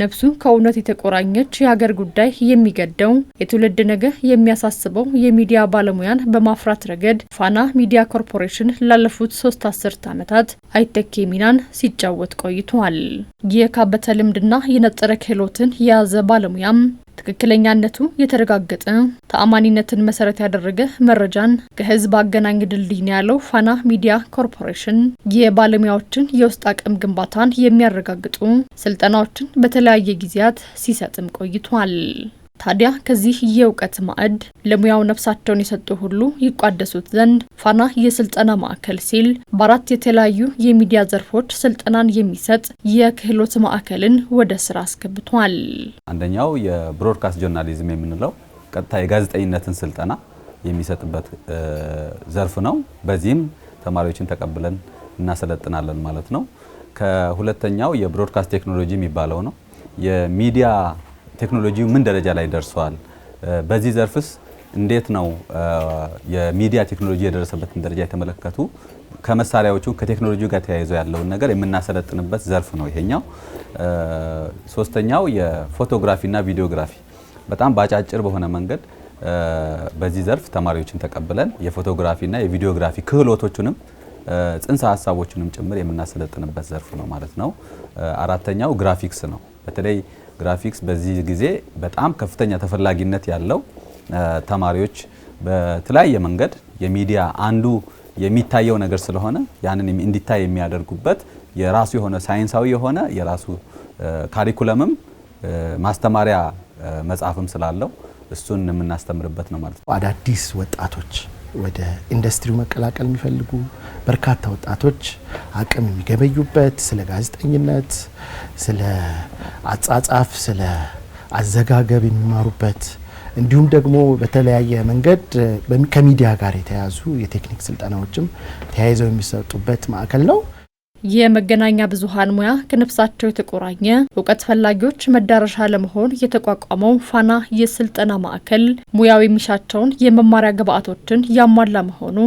ነፍሱ ከእውነት የተቆራኘች የሀገር ጉዳይ የሚገደው የትውልድ ነገ የሚያሳስበው የሚዲያ ባለሙያን በማፍራት ረገድ ፋና ሚዲያ ኮርፖሬሽን ላለፉት ሶስት አስርት ዓመታት አይተኬ ሚናን ሲጫወት ቆይቷል። የካበተ ልምድና የነጠረ ክህሎትን የያዘ ባለሙያም ትክክለኛነቱ የተረጋገጠ ተአማኒነትን መሰረት ያደረገ መረጃን ከህዝብ አገናኝ ድልድይ ነው ያለው ፋና ሚዲያ ኮርፖሬሽን። የባለሙያዎችን የውስጥ አቅም ግንባታን የሚያረጋግጡ ስልጠናዎችን በተለያየ ጊዜያት ሲሰጥም ቆይቷል። ታዲያ ከዚህ የእውቀት ማዕድ ለሙያው ነፍሳቸውን የሰጡ ሁሉ ይቋደሱት ዘንድ ፋና የስልጠና ማዕከል ሲል በአራት የተለያዩ የሚዲያ ዘርፎች ስልጠናን የሚሰጥ የክህሎት ማዕከልን ወደ ስራ አስገብቷል። አንደኛው የብሮድካስት ጆርናሊዝም የምንለው ቀጥታ የጋዜጠኝነትን ስልጠና የሚሰጥበት ዘርፍ ነው። በዚህም ተማሪዎችን ተቀብለን እናሰለጥናለን ማለት ነው። ከሁለተኛው የብሮድካስት ቴክኖሎጂ የሚባለው ነው። የሚዲያ ቴክኖሎጂው ምን ደረጃ ላይ ደርሷል? በዚህ ዘርፍስ እንዴት ነው የሚዲያ ቴክኖሎጂ የደረሰበትን ደረጃ የተመለከቱ ከመሳሪያዎቹ ከቴክኖሎጂ ጋር ተያይዞ ያለውን ነገር የምናሰለጥንበት ዘርፍ ነው ይሄኛው። ሶስተኛው የፎቶግራፊና ቪዲዮግራፊ በጣም በአጫጭር በሆነ መንገድ በዚህ ዘርፍ ተማሪዎችን ተቀብለን የፎቶግራፊና የቪዲዮግራፊ ክህሎቶቹንም ጽንሰ ሀሳቦቹንም ጭምር የምናሰለጥንበት ዘርፍ ነው ማለት ነው። አራተኛው ግራፊክስ ነው። በተለይ ግራፊክስ በዚህ ጊዜ በጣም ከፍተኛ ተፈላጊነት ያለው ተማሪዎች በተለያየ መንገድ የሚዲያ አንዱ የሚታየው ነገር ስለሆነ ያንን እንዲታይ የሚያደርጉበት የራሱ የሆነ ሳይንሳዊ የሆነ የራሱ ካሪኩለምም ማስተማሪያ መጽሐፍም ስላለው እሱን የምናስተምርበት ነው ማለት ነው። አዳዲስ ወጣቶች ወደ ኢንዱስትሪው መቀላቀል የሚፈልጉ በርካታ ወጣቶች አቅም የሚገበዩበት ስለ ጋዜጠኝነት፣ ስለ አጻጻፍ፣ ስለ አዘጋገብ የሚማሩበት እንዲሁም ደግሞ በተለያየ መንገድ ከሚዲያ ጋር የተያያዙ የቴክኒክ ስልጠናዎችም ተያይዘው የሚሰጡበት ማዕከል ነው። የመገናኛ ብዙኃን ሙያ ከነፍሳቸው የተቆራኘ እውቀት ፈላጊዎች መዳረሻ ለመሆን የተቋቋመው ፋና የስልጠና ማዕከል ሙያው የሚሻቸውን የመማሪያ ግብዓቶችን ያሟላ መሆኑ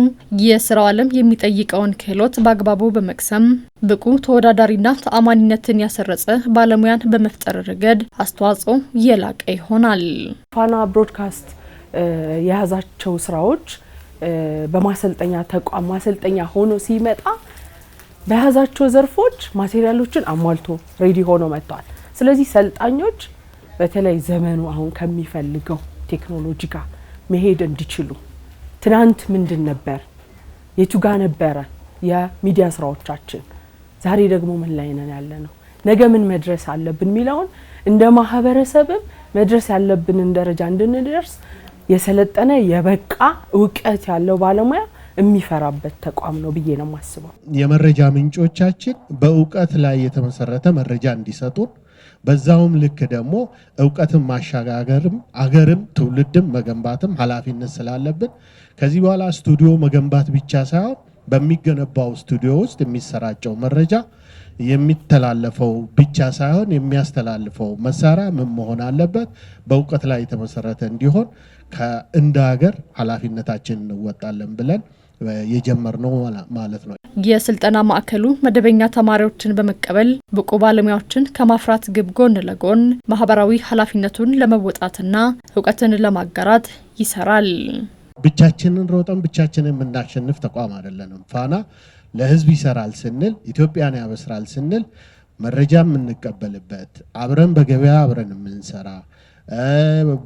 የስራው ዓለም የሚጠይቀውን ክህሎት በአግባቡ በመቅሰም ብቁ ተወዳዳሪና ተአማኒነትን ያሰረጸ ባለሙያን በመፍጠር ረገድ አስተዋጽኦ የላቀ ይሆናል። ፋና ብሮድካስት የያዛቸው ስራዎች በማሰልጠኛ ተቋም ማሰልጠኛ ሆኖ ሲመጣ በያዛቸው ዘርፎች ማቴሪያሎችን አሟልቶ ሬዲ ሆኖ መጥተዋል። ስለዚህ ሰልጣኞች በተለይ ዘመኑ አሁን ከሚፈልገው ቴክኖሎጂ ጋር መሄድ እንዲችሉ ትናንት ምንድን ነበር፣ የቱጋ ነበረ የሚዲያ ስራዎቻችን፣ ዛሬ ደግሞ ምን ላይ ነን ያለ ነው፣ ነገ ምን መድረስ አለብን የሚለውን እንደ ማህበረሰብም መድረስ ያለብንን ደረጃ እንድንደርስ የሰለጠነ የበቃ እውቀት ያለው ባለሙያ የሚፈራበት ተቋም ነው ብዬ ነው የማስበው። የመረጃ ምንጮቻችን በእውቀት ላይ የተመሰረተ መረጃ እንዲሰጡን በዛውም ልክ ደግሞ እውቀትን ማሸጋገርም አገርም ትውልድም መገንባትም ኃላፊነት ስላለብን ከዚህ በኋላ ስቱዲዮ መገንባት ብቻ ሳይሆን በሚገነባው ስቱዲዮ ውስጥ የሚሰራጨው መረጃ የሚተላለፈው ብቻ ሳይሆን የሚያስተላልፈው መሳሪያ ምን መሆን አለበት? በእውቀት ላይ የተመሰረተ እንዲሆን እንደ ሀገር ኃላፊነታችን እንወጣለን ብለን የጀመር ነው ማለት ነው። የስልጠና ማዕከሉ መደበኛ ተማሪዎችን በመቀበል ብቁ ባለሙያዎችን ከማፍራት ግብ ጎን ለጎን ማህበራዊ ኃላፊነቱን ለመወጣትና እውቀትን ለማጋራት ይሰራል። ብቻችንን ሮጠን ብቻችንን የምናሸንፍ ተቋም አይደለንም። ፋና ለህዝብ ይሰራል ስንል ኢትዮጵያን ያበስራል ስንል መረጃ የምንቀበልበት አብረን በገበያ አብረን የምንሰራ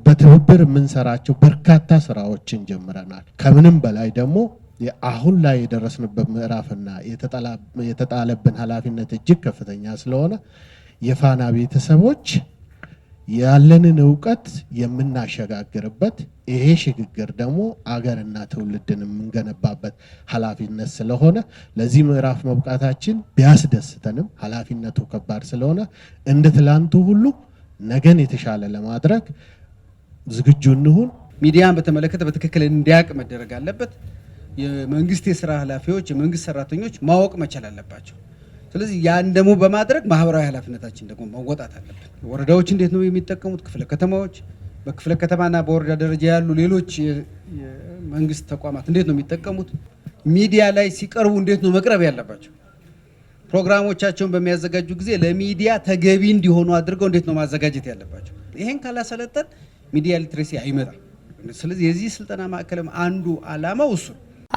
በትብብር የምንሰራቸው በርካታ ስራዎችን ጀምረናል። ከምንም በላይ ደግሞ አሁን ላይ የደረስንበት ምዕራፍና የተጣለብን ኃላፊነት እጅግ ከፍተኛ ስለሆነ የፋና ቤተሰቦች ያለንን እውቀት የምናሸጋግርበት ይሄ ሽግግር ደግሞ አገርና ትውልድን የምንገነባበት ኃላፊነት ስለሆነ ለዚህ ምዕራፍ መብቃታችን ቢያስደስተንም ኃላፊነቱ ከባድ ስለሆነ እንደ ትላንቱ ሁሉ ነገን የተሻለ ለማድረግ ዝግጁ እንሁን። ሚዲያን በተመለከተ በትክክል እንዲያውቅ መደረግ አለበት። የመንግስት የስራ ኃላፊዎች፣ የመንግስት ሰራተኞች ማወቅ መቻል አለባቸው። ስለዚህ ያን ደግሞ በማድረግ ማህበራዊ ኃላፊነታችን ደግሞ መወጣት አለብን። ወረዳዎች እንዴት ነው የሚጠቀሙት? ክፍለ ከተማዎች፣ በክፍለ ከተማና በወረዳ ደረጃ ያሉ ሌሎች የመንግስት ተቋማት እንዴት ነው የሚጠቀሙት? ሚዲያ ላይ ሲቀርቡ እንዴት ነው መቅረብ ያለባቸው? ፕሮግራሞቻቸውን በሚያዘጋጁ ጊዜ ለሚዲያ ተገቢ እንዲሆኑ አድርገው እንዴት ነው ማዘጋጀት ያለባቸው? ይሄን ካላሰለጠን ሚዲያ ሊትሬሲ አይመጣም። ስለዚህ የዚህ ስልጠና ማዕከልም አንዱ አላማው እሱ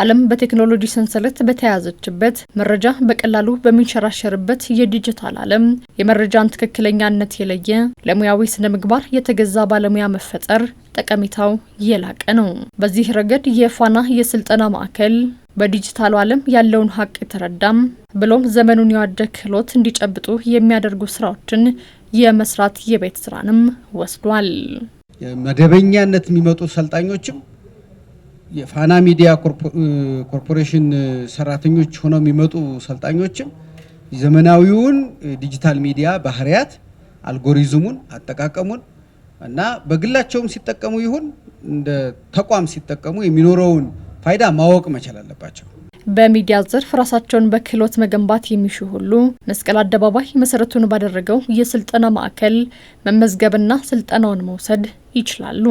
ዓለም በቴክኖሎጂ ሰንሰለት በተያዘችበት መረጃ በቀላሉ በሚንሸራሸርበት የዲጂታል ዓለም የመረጃን ትክክለኛነት የለየ ለሙያዊ ስነ ምግባር የተገዛ ባለሙያ መፈጠር ጠቀሜታው የላቀ ነው። በዚህ ረገድ የፋና የስልጠና ማዕከል በዲጂታሉ ዓለም ያለውን ሀቅ የተረዳም ብሎም ዘመኑን የዋጀ ክህሎት እንዲጨብጡ የሚያደርጉ ስራዎችን የመስራት የቤት ስራንም ወስዷል። መደበኛነት የሚመጡ ሰልጣኞችም የፋና ሚዲያ ኮርፖሬሽን ሰራተኞች ሆነው የሚመጡ ሰልጣኞችም ዘመናዊውን ዲጂታል ሚዲያ ባህሪያት፣ አልጎሪዝሙን፣ አጠቃቀሙን እና በግላቸውም ሲጠቀሙ ይሁን እንደ ተቋም ሲጠቀሙ የሚኖረውን ፋይዳ ማወቅ መቻል አለባቸው። በሚዲያ ዘርፍ ራሳቸውን በክህሎት መገንባት የሚሹ ሁሉ መስቀል አደባባይ መሰረቱን ባደረገው የስልጠና ማዕከል መመዝገብና ስልጠናውን መውሰድ ይችላሉ።